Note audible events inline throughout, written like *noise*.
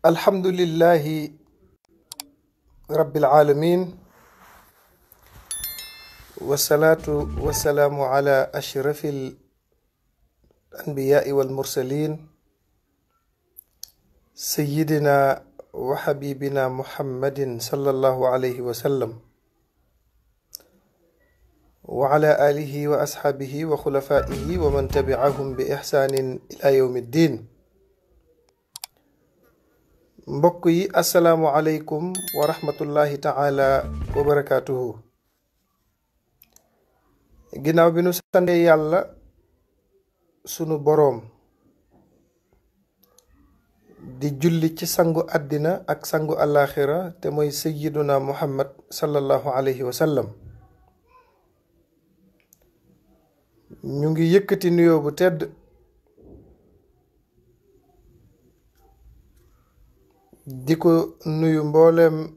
alhamdulillahi rabbil aalamiin wasalaatu wasalaamu ala ashrafil anbiyaai wal mursaliin sayyidina wa xabibina muhammadin sallallahu alayhi wa sallam wa ala aalihi wa asxaabihi wa xulafaa'ihi wa man tabi'ahum bi ixsaanin ila yawmi ddiin mbokk yi asalaamualeykum wa rahmatullahi taala wa barakaatuhu ginnaaw bi nu santee yàlla sunu boroom di julli ci sangu àddina ak sangu alaaxira te mooy sayyiduna muhammad sallallahu alayhi wa ñu ngi yëkkati nuyoo bu tedd di ko nuyu mbooleem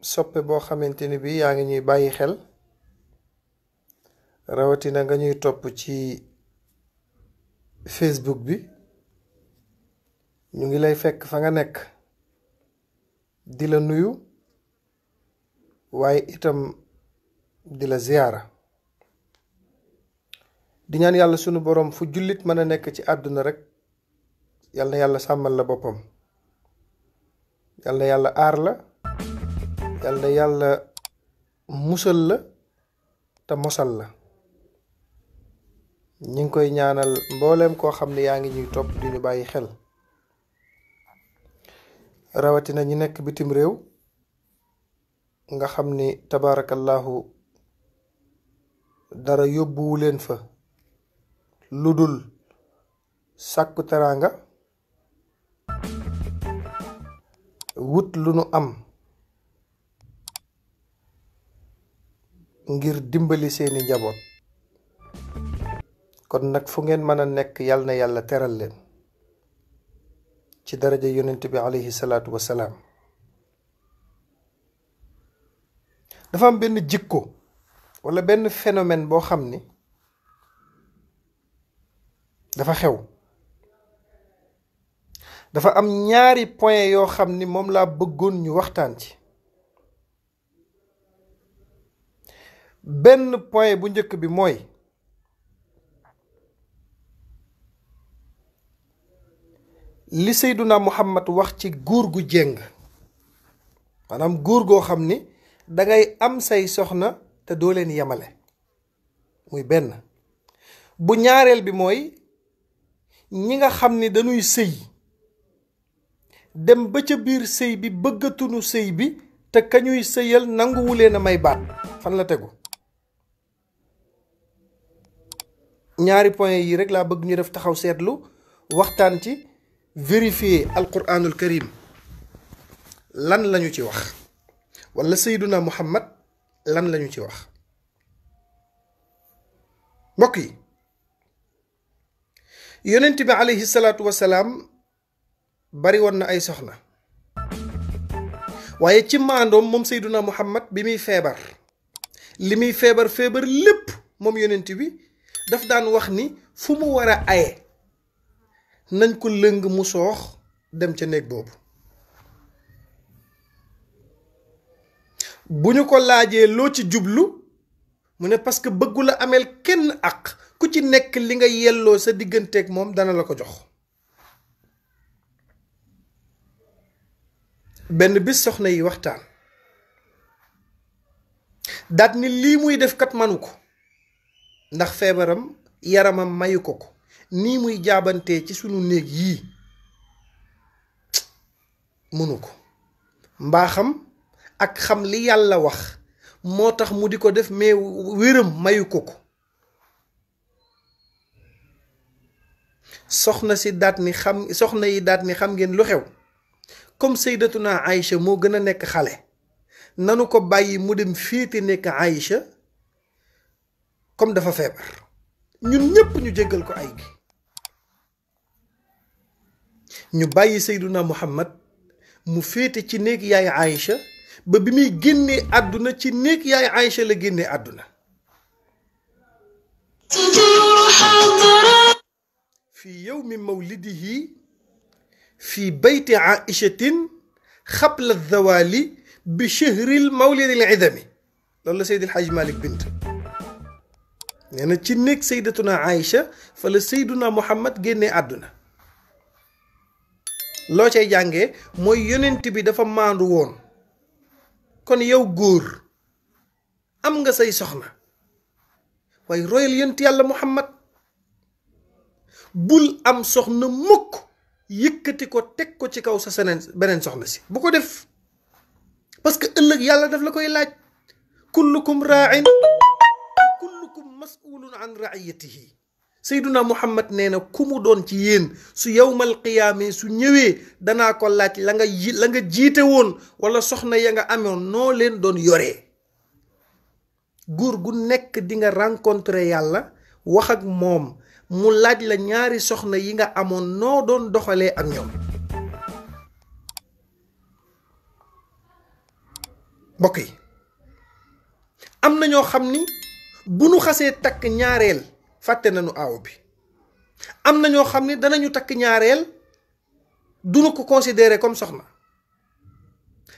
soppe boo xamante ni bi yaa ngi ñuy bàyyi xel rawatina nga ñuy topp ci Facebook bi ñu ngi lay fekk fa nga nekk di la nuyu waaye itam di la ziyaara di ñaan yàlla sunu boroom fu jullit mën a nekk ci àdduna rekk yàlla yàlla sàmmal la boppam yal na yàlla aar la yal na yàlla musal la te mosal la ñu ngi koy ñaanal mbooleem koo xam ne yaa ngi ñuy topp di ñu bàyyi xel rawatina ñi nekk bitim réew nga xam ni tabaarakallaahu dara yóbbuwu leen fa lu dul sàkku teraanga wut lu nu am ngir dimbali seeni njaboot kon nag fu ngeen mën a nekk yàlla na yàlla teral leen ci daraja yonent bi aleyhi salaatu dafa am benn jikko walla benn phénomène boo xam ni dafa xew dafa am ñaari point yoo xam ni moom laa bëggoon ñu waxtaan ci benn point bu njëkk bi mooy li Seyduna Muhammad wax ci góor gu jéng maanaam góor goo xam ni dangay am say soxna te doo leen yemale muy benn bu ñaareel bi mooy ñi nga xam ni dañuy sëy dem ba ca biir sëy bi bëggatunu sëy bi te kañuy sëyal nanguwu leen a may baat fan la tegu ñaari point yi rek laa bëgg ñu def taxaw seetlu waxtaan ci vérifier alquranul karim lan lañu ci wax wala sayduna muhammad lan lañu ci wax mbokk yi yonent bi aleyhi salaatu wasalaam bariwoon na ay soxna waaye ci maandoom moom Seyduna Muhammad bi muy feebar li muy feebar feebar lépp moom yenent bi daf daan wax ni fu mu war a aye nañ ko lëng mu soox dem ca néeg boobu bu ñu ko laajee loo ci jublu mu ne parce que bëggu la ameel kenn ak ku ci nekk li nga yelloo sa diggante digganteeg moom dana la ko jox benn bi soxna yi waxtaan daat ni lii muy def kat manu ko ndax feebaram yaramam mayu ko ko nii muy jaabantee ci sunu néeg yii munu ko mbaaxam ak xam li yàlla wax moo tax mu di ko def meew wéram mayu ko ko soxna si daat ni xam soxna yi daat ni xam ngeen lu xew comme saydatuna Aïcha moo gën a nekk xale nanu ko bàyyi mu dem féete nekk Aïcha comme dafa feebar ñun ñépp ñu jéggal ko ay gi ñu bàyyi sayduna muhammad mu féete ci néeg yaay Aïcha ba bi muy génnee àdduna ci néeg yaay Aïcha la génnee àdduna fi yawmi yi fi bayti aichatin xabla zawali bi chehril mawlidil idami loolu la Seydi El Hadj Malick bind nee ci néeg saydatuna Aïcha fa la sayduna Muhammad génnee àdduna loo cay jànge mooy yonent bi dafa maandu woon kon yow góor am nga say soxna waaye royal yonent yàlla Muhammad bul am soxna mukk yëkkati ko teg ko ci kaw sa seneen beneen soxna si bu ko def parce que ëllëg yàlla daf la koy laaj kullukum raain kullukum masulun an raiyatihi sayduna muhammad nee na ku mu doon ci yéen su yowmal qiyaame su ñëwee danaa ko laaj la nga la nga jiite woon wala soxna ya nga amoon noo leen doon yore góor gu nekk dinga nga yàlla wax ak moom mu laaj la ñaari soxna yi nga amoon noo doon doxalee ak ñoom mbokk yi am na ñoo xam ni bu nu xasee takk ñaareel fàtte nañu aw bi am na ñoo xam ni danañu takk ñaareel duñu ko considere comme soxna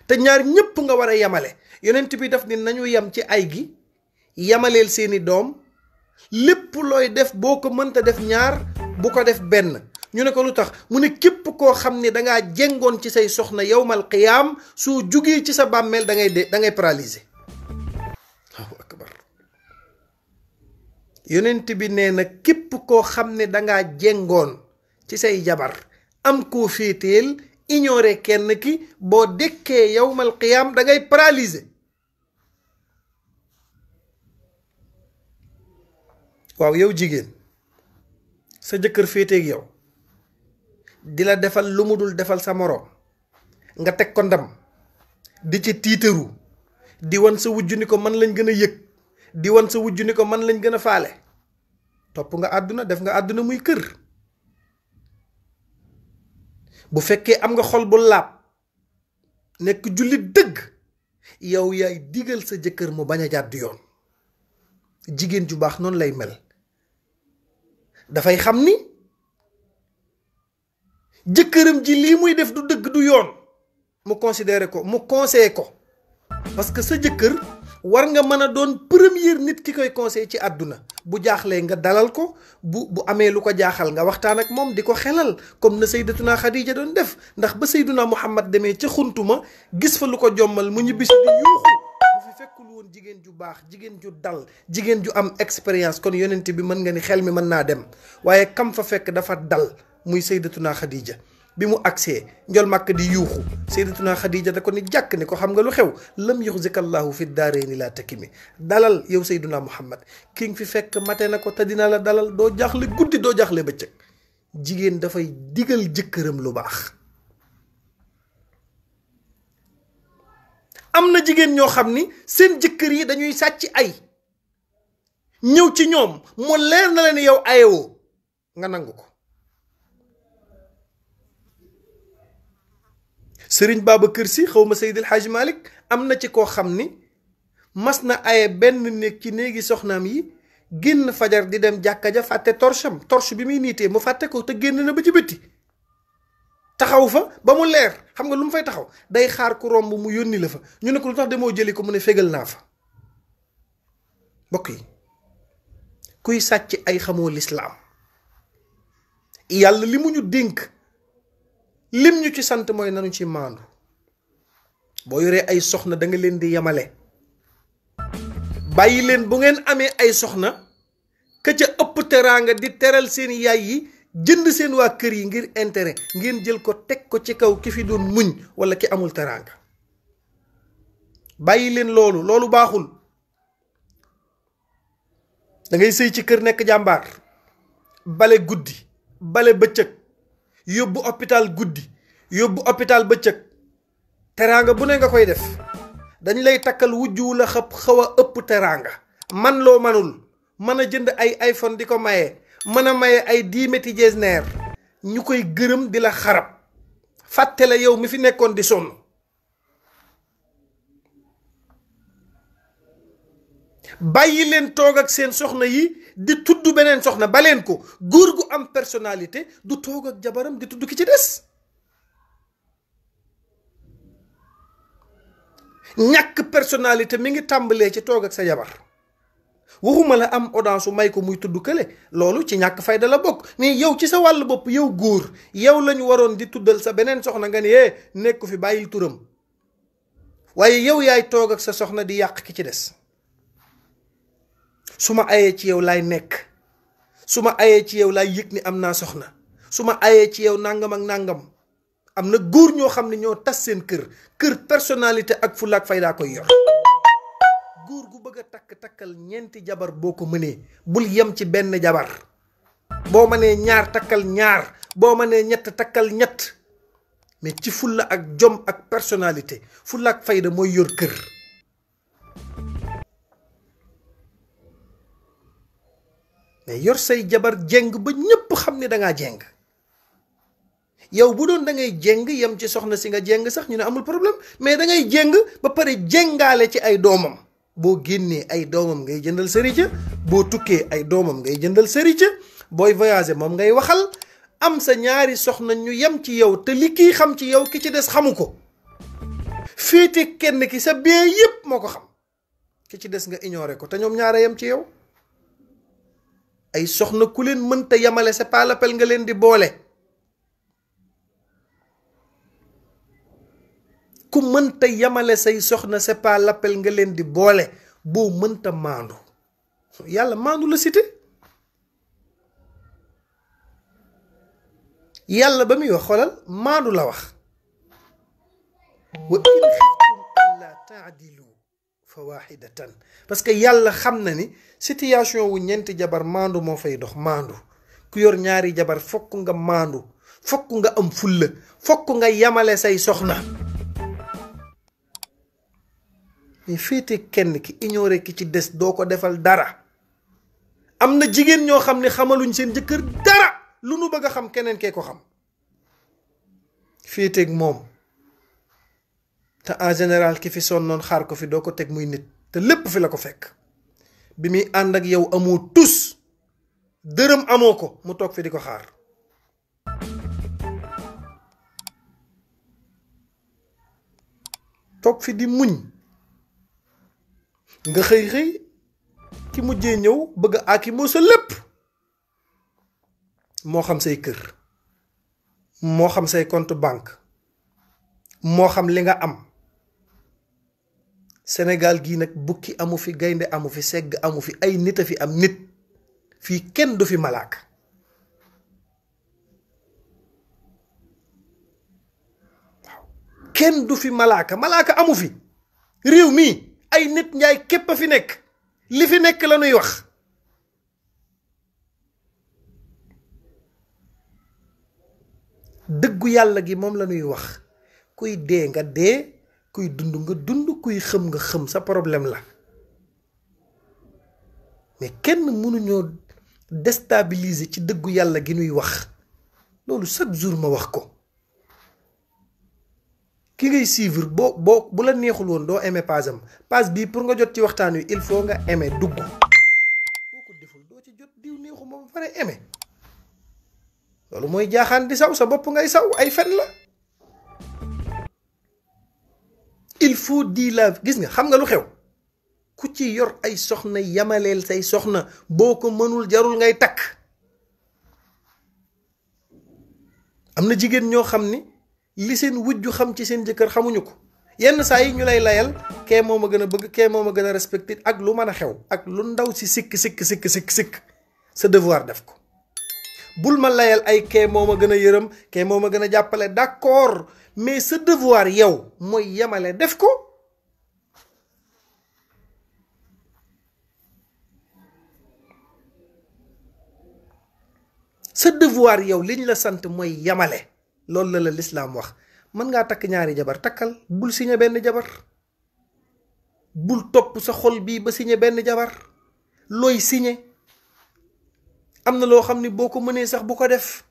te ñaar ñépp nga war a yemale yonent bi daf ni nañu yem ci ay gi yamaleel seeni doom lépp looy def boo ko mënta def ñaar bu ko def benn ñu ne ko lu tax mu ne képp koo xam ne dangaa jengoon ci say soxna yowmal qiyaam soo jugee ci sa bàmmeel da ngay de da ngay bi nee na képp koo xam ne dangaa jengoon ci say jabar am koo féeteel ignoré kenn ki boo dekkee yowmal qiyaam da ngay paralysé waaw yow jigéen sa jëkkër féeteeg yow di la defal lu mu dul defal sa moroom nga teg ko ndam di ci tiitaru di wan sa wujj ni ko man lañ gën a yëg di wan sa wujj ni ko man lañ gën a faale topp nga àdduna def nga àdduna muy kër bu fekkee am nga xol bu laab nekk jullit dëgg yow yaay digal sa jëkkër mu bañ a jàdd yoon jigéen ju baax noonu lay mel dafay xam ni jëkkëram ji lii muy def du dëgg du yoon mu considéré ko mu conseillé ko parce que sa jëkkër war nga mën a doon première nit ki koy conseillé ci àdduna bu jaaxlee nga dalal ko bu bu amee lu ko jaaxal nga waxtaan ak moom di ko xelal comme na sayyidatuna Xadija doon def ndax ba sayyiduna Muhammad demee ca ma gis fa lu ko jommal mu ñibbisi bis di yuuxu bu fi fekkul woon jigéen ju baax jigéen ju dal jigéen ju am expérience kon yonent bi mën nga ni xel mi mën naa dem waaye kam fa fekk dafa dal muy sayyidatuna Xadija bi mu agsee njol màkk di yuuxu sayyidatuna xadija da ko ni jàkk ni ko xam nga lu xew lam yuxzikallahu fi daareeni laa mi dalal yow sayyiduna muhammad ki nga fi fekk mate na ko te dina la dalal doo jaaxle guddi doo jaaxle bëccëg jigéen dafay digal jëkkëram lu baax am na jigéen ñoo xam ni seen jëkkër yi dañuy sàcc ay ñëw ci ñoom mu leer na leen yow ayewoo nga nangu ko sëriñ Babacar Sy xaw ma Seydil Hadj Malick am na ci koo xam ni mas na aye benn néeg ci néegi soxnaam yi génn fajar di dem jàkka ja fàtte torcham torche bi muy niitee mu fàtte ko te génn na ba ci bëtti taxaw fa ba mu leer xam nga lu mu fay taxaw day xaar ku romb mu yónni la fa ñu ne ko lu tax demoo jëli ko mu ne fégal naa fa mbokk yi kuy sàcc ay xamoo lislaam yàlla li mu ñu dénk lim ñu ci sant mooy nanu ci maandu boo yoree ay soxna danga leen di yemale bàyyi leen bu ngeen amee ay soxna ka ca ëpp teraanga di teral seen yaay yi jënd seen waa kër yi ngir intere ngeen jël ko teg ko ci kaw ki fi doon muñ walla ki amul teraanga bàyyi leen loolu loolu baaxul dangay ngay sëy ci kër nekk jàmbaar bale guddi bale bëccëg yóbbu hôpital guddi yóbbu ba cëg teraanga bu ne nga koy def dañ lay takkal wujju la xab a ëpp teraanga man loo manul mën a jënd ay iPhone di ko maye mën a maye ay diméti jesneer ñu koy gërëm di la xarab fàtte la yow mi fi nekkoon di sonn bàyyi leen toog ak seen soxna yi di tudd beneen soxna baleen ko góor gu am personnalité du toog ak jabaram di tudd ki ci des ñàkk personnalité mi ngi tàmbalee ci toog ak sa jabar waxuma la am audience su may ko muy tudd kële loolu ci ñàkk fayda la bokk mais yow ci sa wàll bopp yow góor yow lañu waroon di tuddal sa beneen soxna nga ne eh, nekku fi bàyyil turam waaye yow yaay toog ak sa soxna di yàq ki ci des su ma ayee ci yow laay nekk su ma ayee ci yow laay yëg ni am naa soxna su ma ayee ci yow nangam ak nangam am na góor ñoo xam ne ñoo tas seen kër kër personnalité ak fulaak faydaa koy yor góor gu bëgg a takk takkal ñeenti jabar boo ko mënee bul yem ci benn jabar boo mënee ñaar takkal ñaar boo mënee ñett takkal ñett mais ci fulla ak jom ak personnalité fulla fayda mooy yor kër mais yor say jabar jeng ba ñëpp xam ne da ngaa jeng yow bu doon da ngay jeng yem ci soxna si nga jeng sax ñu ne amul problème mais da ngay jeng ba pare jengaale ci ay doomam boo génnee ay doomam ngay jëndal sërica boo tukkee ay doomam ngay jëndal sërica booy voyager moom ngay waxal am sa ñaari soxna ñu yem ci yow te li kii xam ci yow ki ci des xamu ko féete kenn ki sa bien yépp moo ko xam ki ci des nga ignoré ko te ñoom ñaara yem ci yow ay soxna ku leen mënta yamale c'est pas nga leen di boole ku mënta yamale say soxna c'est pas nga leen di boole boo mënta maandu yàlla maandu la cité yàlla ba muy wax xoolal maandu la wax wa in fa waaxidatan parce que yàlla xam na ni situation wu ñeenti jabar maandu moo fay dox maandu ku yor ñaari jabar fokk nga maandu fokk nga am fulla fokk nga yamale say soxna mais féete kenn ki ignoré ki ci des doo ko defal dara am na jigéen ñoo xam ne xamaluñ seen jëkkër dara lu nu bëgg a xam keneen kee ko xam féeteeg moom te en général ki fi sonnoon xaar ko fi doo ko teg muy nit te lépp fi la ko fekk bi muy ànd ak yow amoo tus dërëm amoo ko mu toog fi di ko xaar toog fi di muñ nga xëy xëy ki mujjee ñëw bëgg a aki sa lépp moo xam say kër moo xam say compte banque moo xam li nga am Sénégal gii nag bukki amu fi gaynde amu fi segg amu fi ay nit a fi am nit fii kenn du fi malaaka waaw kenn du fi malaaka malaaka amu fi réew mi ay nit njaay képp a fi nekk li fi nekk la wax dëggu yàlla gi moom la wax kuy dee nga dee kuy dund nga dund kuy xëm nga xëm sa problème la mais kenn mënuñoo déstabiliser ci dëggu yàlla gi nuy wax loolu chaque jour ma wax ko ki ngay suivre boo boo bu la neexul woon doo aimé page am page bii pour nga jot ci waxtaan wi il faut nga aimé dugg deful doo ci jot diw neexu ma ba pare aimé loolu mooy jaaxaan di saw sa bopp ngay saw ay fen la il faut di gis nga xam nga lu xew ku ci yor ay soxna yamaleel say soxna boo ko mënul jarul ngay takk am na jigéen ñoo xam ni li seen wujju xam ci seen jëkkër xamuñu ko yenn saa yi ñu lay layal kee moom ma gën a bëgg kee moom a gën a respecté ak lu mën a xew ak lu ndaw si sikk sikk sikk sikk sikk sa devoir def ko bul ma layal ay kee moo ma gën a yërëm kee moo ma gën a jàppale d'accord mais sa devoir yow mooy yamale def ko sa devoir yow liñ la sant mooy yamale loolu la la lislaam wax mën ngaa takk ñaari jabar takkal bul signé benn jabar bul topp sa xol bii ba siñe benn jabar looy signé am na loo xam ni boo ko mënee sax bu ko def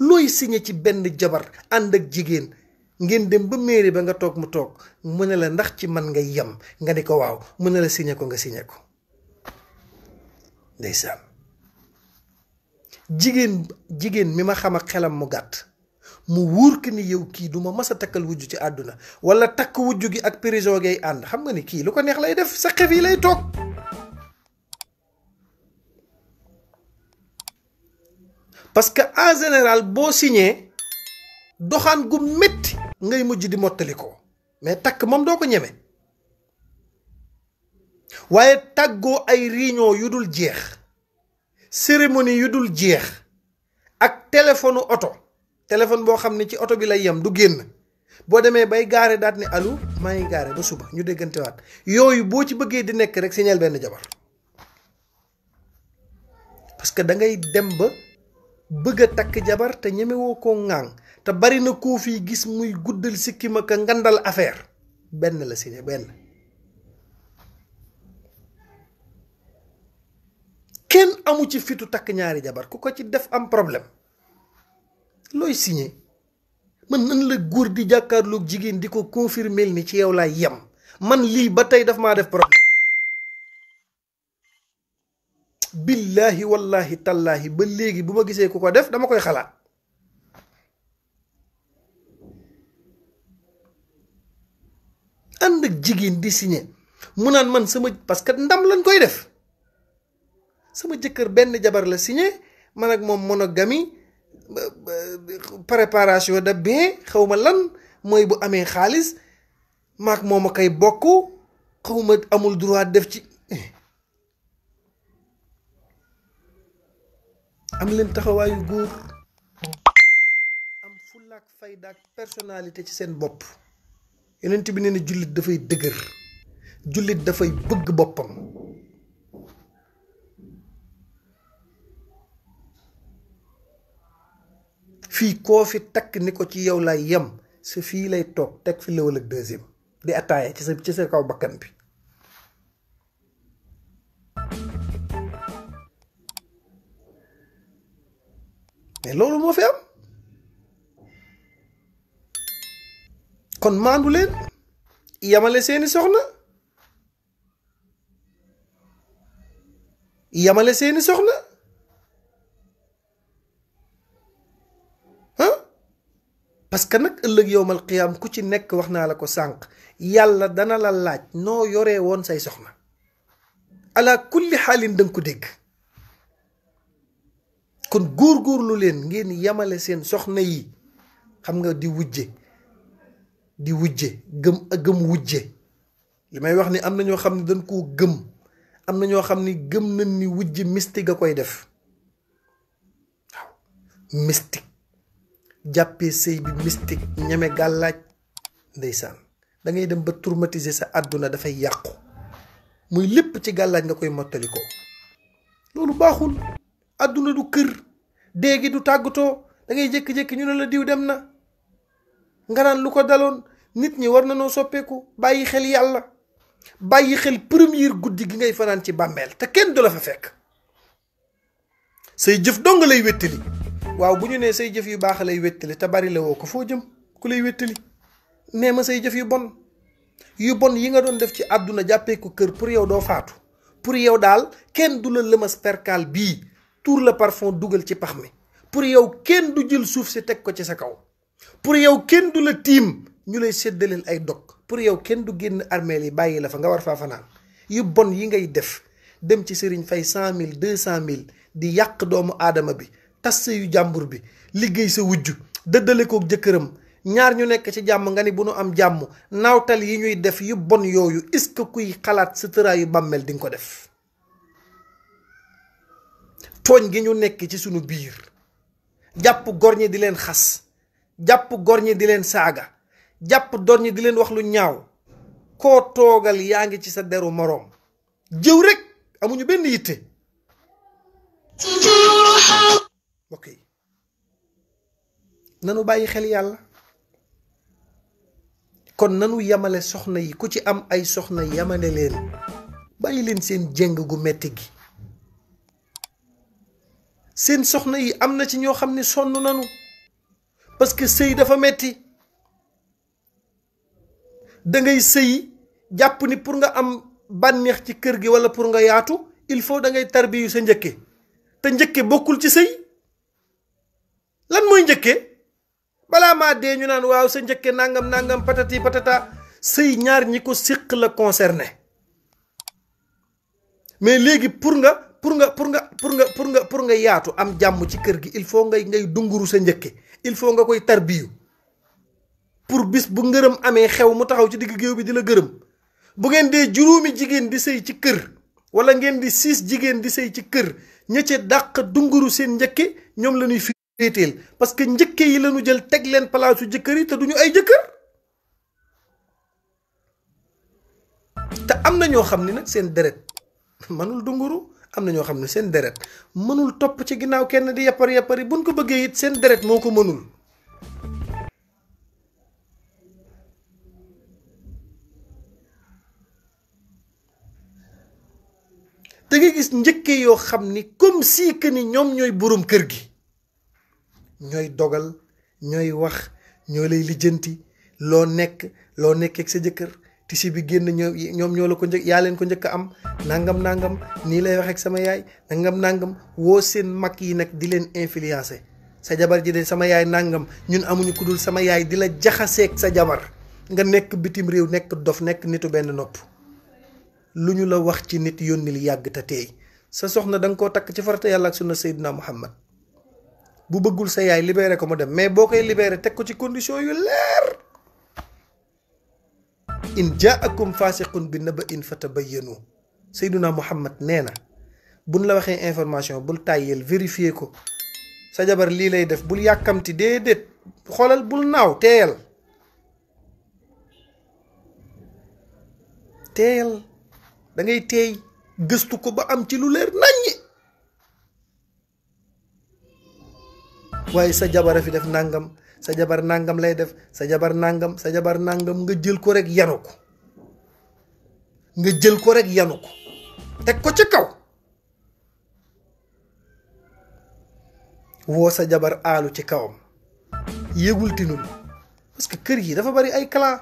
looy signé ci benn jabar ànd ak jigéen ngeen dem ba mairie ba nga toog mu toog mu ne la ndax ci man nga yem nga ni ko waaw mu ne la signé ko nga signé ko ndeysaan jigéen jigéen mi ma xam ak xelam mu gàtt mu wóor ko ni yow kii du ma mas a takkal wujj ci àdduna wala takk wujj gi ak prison gay ànd xam nga ni kii lu ko neex lay def sa xef yi lay toog parce que en général boo signé doxaan gu metti ngay mujj di mottali mais takk moom doo ko ñeme waaye tàggoo ay réunion yu dul jeex cérémonie yu dul jeex ak téléphone oto téléphone boo xam ne ci oto bi lay yem du génn boo demee bay gaare daat ni alu maa ngi gaare ba suba ñu déggantewaat yooyu boo ci bëggee di nekk rek signal benn jabar parce que da ngay dem ba. bëgg a takk jabar te ñemewoo ko ŋàng te bari na koo fii gis muy guddal sikkim ak ngandal affaire benn la signé benn kenn amu ci fitu takk ñaari jabar ku ko ci def am problème looy signé man nan la góor di jàkkaarloog jigéen di ko confirmeel ni ci yow laay yem man lii ba tey daf maa def problème billaahi wallaahi tallaahi ba léegi bu ma gisee ku ko def dama koy xalaat ànd ak jigéen di signé mu naan man sama parce que ndam lañ koy def sama jëkkër benn jabar la signé man ak moom monogamie préparation de bien xaw ma lan mooy bu amee xaalis maak moom a koy bokk xaw ma amul droit def ci eh. am leen taxawaayu góor am fullaak faydaak personnalité ci seen bopp yonent bi nee na jullit dafay dëgër jullit dafay bëgg boppam fii koo fi takk ni ko ci yow laay yam su fii lay toog teg fi lëwal ak deuxième di attaaya ci sa ci sa kaw bakkan bi mais loolu moo fi am kon maandu leen yamale seeni soxna yamale seeni soxna ah parce que nag ëllëg yowmal qiyaam ku ci nekk wax naa la ko sànq yàlla dana la laaj noo yore woon say soxna ala kulli xaalin danga ko dégg kon góor góorgóorlu leen ngeen yemale seen soxna yi xam nga di wujje di wujje gëm ak gëm wujje li may wax ni am na ñoo xam ne dañ koo gëm am na ñoo xam ni gëm nañ ni wujje mystique a koy def waaw mystique jàppee sëy bi mystique ñeme gàllaaj ndeysaan da dem ba traumatiser sa àdduna dafay yàqu muy lépp ci gàllaaj nga koy mottali ko loolu baaxul adduna du kër déegi du tàggatoo dangay ngay jékki-jékki ñu ne la diw dem na nga naan lu ko daloon nit ñi war na noo soppeeku bàyyi xel yàlla bàyyi xel première guddi gi ngay fanaan ci bàmmeel te kenn du la fa fekk say jëf dong lay wéttali waaw bu ñu nee say jëf yu baax lay wéttali te bari la woo ko foo jëm ku lay wéttali nee ma say jëf yu bon yu bon yi nga doon def ci àdduna jàppeeku kër pour yow doo faatu pour yow daal kenn du la lëmas perkaal bii tuur la parfum dugal ci pax mi pour yow kenn du jël suuf si teg ko ci sa kaw pour yow kenn du la tiim ñu lay séddaleel ay dog pour yow kenn du génn armeel yi bàyyi la fa nga war faa fanaan yu bon yi ngay def dem ci sëriñ fay cent mille deux cent mille di yàq doomu aadama bi tas yu jàmbur bi liggéey sa wujj dëddale kook jëkkëram ñaar ñu nekk ci jàmm nga ni bu nu am jàmm naawtal yi ñuy def yu bon yooyu est-ce que kuy xalaat sa tëraa yu bàmmeel di ko def tooñ gi ñu nekk ci suñu biir jàpp gor di leen xas jàpp gor di leen saaga jàpp dor di leen wax lu ñaaw koo toogal yaa ngi ci sa deru moroom jëw rekk amuñu benn yitte nanu bàyyi xel yàlla kon nanu yamale soxna yi ku ci am ay soxna yamale leen bàyyi leen seen jëng gu metti gi seen soxna yi am na ci ñoo xam ne sonn nañu parce que sëy dafa metti da ngay sëyi jàpp ni pour nga am bànneex ci kër gi walla pour nga yaatu il faut da ngay tarbiyu sa njëkke te njëkke bokkul ci sëy lan mooy njëkke balaa maa dee ñu naan waaw sa njëkke nangam nangam patati patata sëy ñaar ñi ko séq la concerné mais léegi pour nga pour nga pour nga pour nga pour nga pour nga yaatu am jàmm ci kër gi il faut ngay ngay dunguru sa njëkke il faut nga koy tarbiyu pour bis bu ngërëm amee xew mu taxaw ci diggu géew bi di la gërëm bu ngeen dee juróomi jigéen di sëy ci kër wala ngeen di siis jigéen di sëy ci kër ña ca dàq dunguru seen njëkke ñoom la ñuy féeteel parce que njëkke yi lañu jël teg leen palaasu jëkkër yi te duñu ay jëkkër te am na ñoo xam ni nag seen deret *laughs* dunguru am na ñoo xam ne seen deret mënul topp ci ginnaaw kenn di yappar yappari buñ ko bëggee it seen deret moo ko mënul da nga gis njëkke yoo xam ni comme si que ñoom ñooy boroom kër gi ñooy dogal ñooy wax ñoo lay lijjanti loo nekk loo nekkeek sa jëkkër tisi bi génn ñoo ñoom ñoo la ko njëkk yaa ko njëkk a am nangam nangam nii lay waxee ak sama yaay nangam nangam woo seen mag yi nag di leen influencer sa jabar ji de sama yaay nangam ñun amuñu ku dul sama yaay di la jaxaseeg sa jabar nga nekk bitim réew nekk dof nekk nitu benn nopp lu ñu la wax ci nit yónnil yàgg te teey sa soxna da nga koo takk ci farata yàlla ak sunna seyduna Muhammad bu bëggul sa yaay libeere ko mu dem mais boo koy libéré teg ko ci condition in jaakum fasiqun bi naba in fatabayyanu sayduna muhammad nee na buñ la waxee information bul tàyyeel vérifier ko sa jabar lii lay def bul yàkkamti déedéet xoolal bul naaw teeyal teeyal dangay ngay teey gëstu ko ba am ci lu leer naññi waaye sa jabara fi def nangam sa jabar nàngam lay def sa jabar nàngam sa jabar nàngam nga jël ko rek yanu ko nga jël ko rek yanu ko teg ko ci kaw woo sa jabar aalu ci kawam yëgul tinu parce que kër yi dafa bari ay clan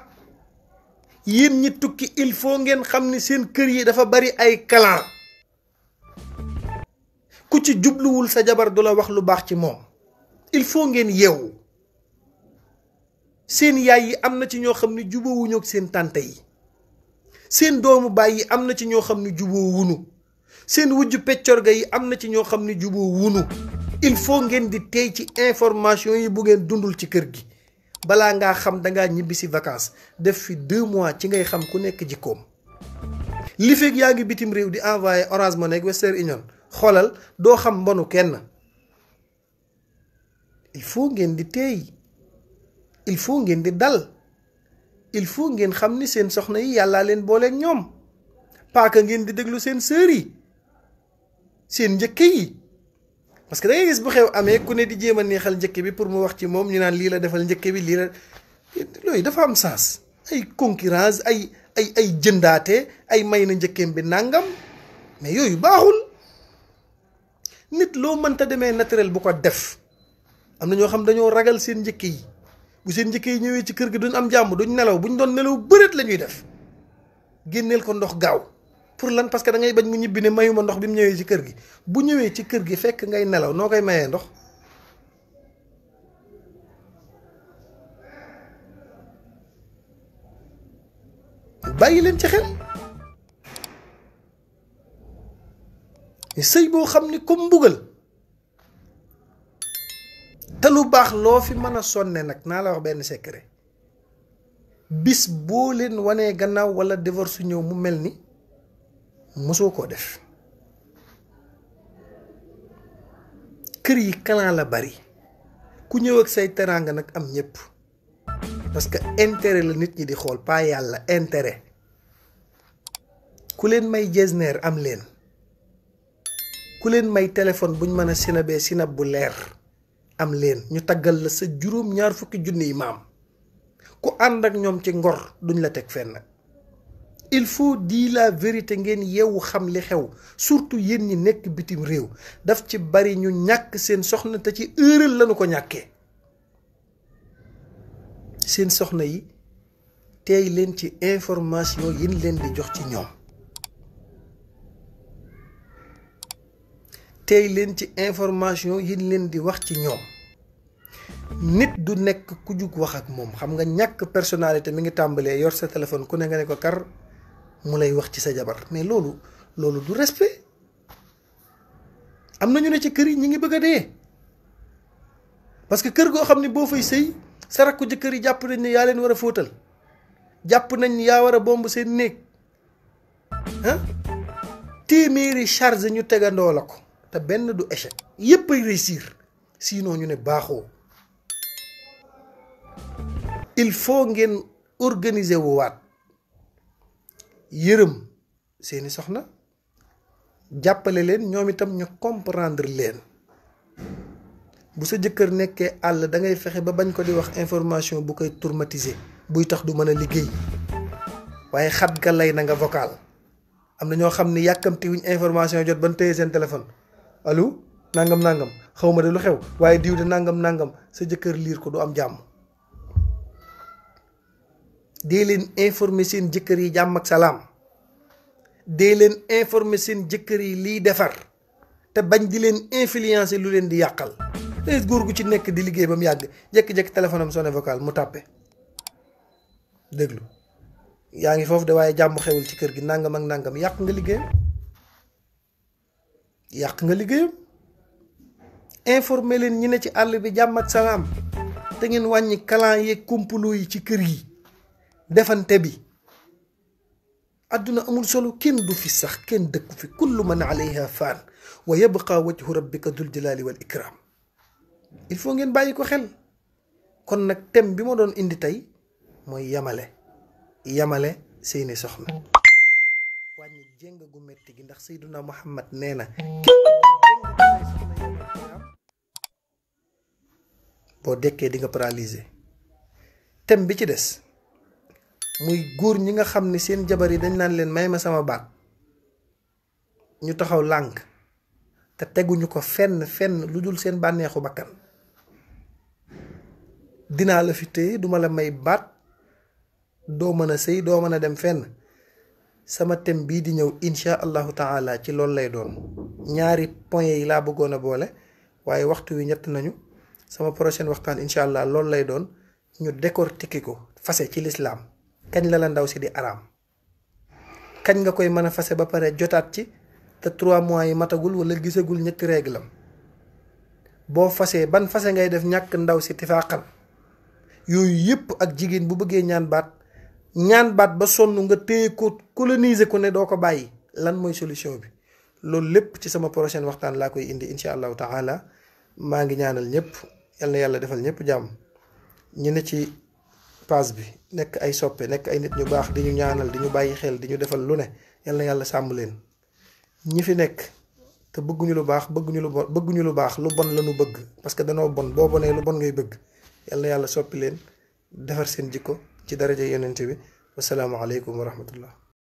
yéen ñi tukki il faut ngeen xam ni seen kër yi dafa bari ay clan ku ci jubluwul sa jabar du la wax lu baax ci moom il faut ngeen yeewu seen yaay yi am na ci ñoo xam ne jubóowuñu ak seen tante yi seen doomu baay yi am na ci ñoo xam ne jubóo wunu seen wujju peccorga yi am na ci ñoo xam ne jubóo wunu il faut ngeen di tey ci information yi bu ngeen dundul ci kër gi balaa ngaa xam dangaa ñibbi si vacances def fi deux mois ci ngay xam ku nekk jikkoom li fekk yaa ngi bitim réew di envoyé Orange Money ak Western Union xoolal doo xam mbonu kenn il faut ngeen di tey il faut ngeen di dal il faut ngeen xam ni seen soxna yi yàlla leen booleeg ñoom paaka ngeen di déglu seen sœur seen njëkk yi parce que da ngay gis bu xew amee ku ne di jéem neexal njëkk bi pour mu wax ci moom ñu naan lii la defal njëkk bi lii la looyu dafa am sens ay concurrence ay ay ay jëndaate ay may na njëkkeem bi nàngam mais yooyu baaxul nit loo mënta demee naturel bu ko def am na ñoo xam dañoo ragal seen njëkk yi bu seen njëkk yi ñëwee ci kër gi duñ am jàmm duñ nelaw bu buñ doon nelaw bëreet la ñuy def génneel ko ndox gaaw pour lan parce que da ngay bañ mu ñibbi ne mayuma ndox bi mu ñëwee ci kër gi bu ñëwee ci kër gi fekk ngay nelaw noo koy mayee ndox bàyyi leen ci xel sëy boo xam ni comme mbugal te lu baax loo fi mën a sonne nag naa la wax benn secret bis boo leen wanee gannaaw wala divorce su ñëw mu mel ni mësoo koo def kër yi kalan la bari ku ñëw ak say teraanga nag am ñépp parce que intérêt la nit ñi di xool pas yàlla intérêt ku leen may jesneer am leen ku leen may téléphone buñ mën a sinabee sinab bu leer am leen ñu taggal la sa juróom ñaar fukki junni yi maam ku ànd ak ñoom ci ngor duñ la teg fenn il faut di la vérité ngeen yeewu xam li xew surtout yéen ñi nekk bitim réew daf ci bari ñu ñàkk seen soxna te ci ëral lañu ko ñàkkee seen soxna yi tey leen ci information yin leen di jox ci ñoom tey leen ci information yi leen di wax ci ñoom nit du nekk ku jug wax ak moom xam nga ñàkk personnalité mi ngi tàmbalee yor sa téléphone ku ne nga ne ko kar mu lay wax ci sa jabar mais loolu loolu du respect am na ñu ne ci kër yi ñu ngi bëgg a dee parce que kër goo xam ne boo fay sëy sa rakku kër yi jàpp nañ ne yaa leen war a fóotal jàpp nañ yaa war a bomb seen néeg ah téeméeri charge ñu tegandoo la ko. te benn du échec yépp ay réussir sinon ñu ne baaxoo il faut ngeen organiser wu waat yërëm seeni soxna jàppale leen ñoom itam ñu comprendre leen bu sa jëkkër nekkee àll dangay fexe ba bañ ko di wax information bu koy traumatiser buy tax du mën a liggéey waaye xat ga lay na nga vocal am na ñoo xam ni yàkkamti wuñ information jot ban téye seen téléphone allo nàngam nangam xaw ma de lu xew waaye diw de nangam nangam sa jëkkër liir ko du am jàmm. dee leen informer seen jëkkër yi jàmm ak salaam dee leen informer seen jëkkër yi lii defar te bañ di leen influencer lu leen di yàqal. góor gu ci nekk di liggéey ba mu yàgg jékki-jékki téléphone am sonné vocal mu tàppe déglu yaa ngi foofu de waaye jàmm xewul ci kër gi nangam ak nangam yàq nga liggéey. yàq nga liggéeyam informé leen ñi ne ci àll bi jàmmat salaam te ngeen wàññi kalan yeeg complot yi ci kër yi defante bi àdduna amul solo kenn du fi sax kenn dëkku fi kullu man alayha faan wa yabqa wajhu rabbika dul jalaali wal ikram il faut ngeen bàyyi ko xel kon nag thème bi ma doon indi tey mooy yamale yamale seeni soxna jéng gu métti gi ndax Seydina Muhammad nee na mm. boo dekkee di nga paralysé thème bi ci des muy góor ñi nga xam ni seen jabar yi dañ naan leen may ma sama baat ñu taxaw lànk te teguñu ko fenn fenn lu dul seen bànneexu bakkan dinaa la fi téye duma la may baat doo mën a sëy doo mën a dem fenn sama thème bii di ñëw incha allahu taala ci loolu lay doon ñaari points yi laa bëggoon a boole waaye waxtu wi ñett nañu sama prochaine waxtaan incha allah loolu lay doon ñu décortiquer ko fase ci lislaam kañ la la ndaw si di araam kañ nga koy mën a fase ba pare jotaat ci te trois mois yi matagul wala gisagul ñetti réglam boo fasee ban fase ngay def ñàkk ndaw si tifaaqal yooyu yëpp ak jigéen bu bëggee ñaan baat ñaan baat ba sonn nga téye ko coloniser ko ne doo ko bàyyi lan mooy solution bi loolu lépp ci sama prochaine waxtaan laa koy indi incha allahu taala maa ngi ñaanal ñëpp yal na yàlla defal ñëpp jàmm ñu ne ci paas bi nekk ay soppe nekk ay nit ñu baax di ñu ñaanal di ñu bàyyi xel di ñu defal lu ne yal yàlla sàmm leen ñi fi nekk te bëgguñu lu baax bëgguñu lu bon bëgguñu lu baax lu bon la ñu bëgg parce que danoo bon boo bonee lu bon ngay bëgg yàlla yàlla soppi leen defar seen jikko. ci daraja yonente bi wasalaamu aleykum wa rahmatullah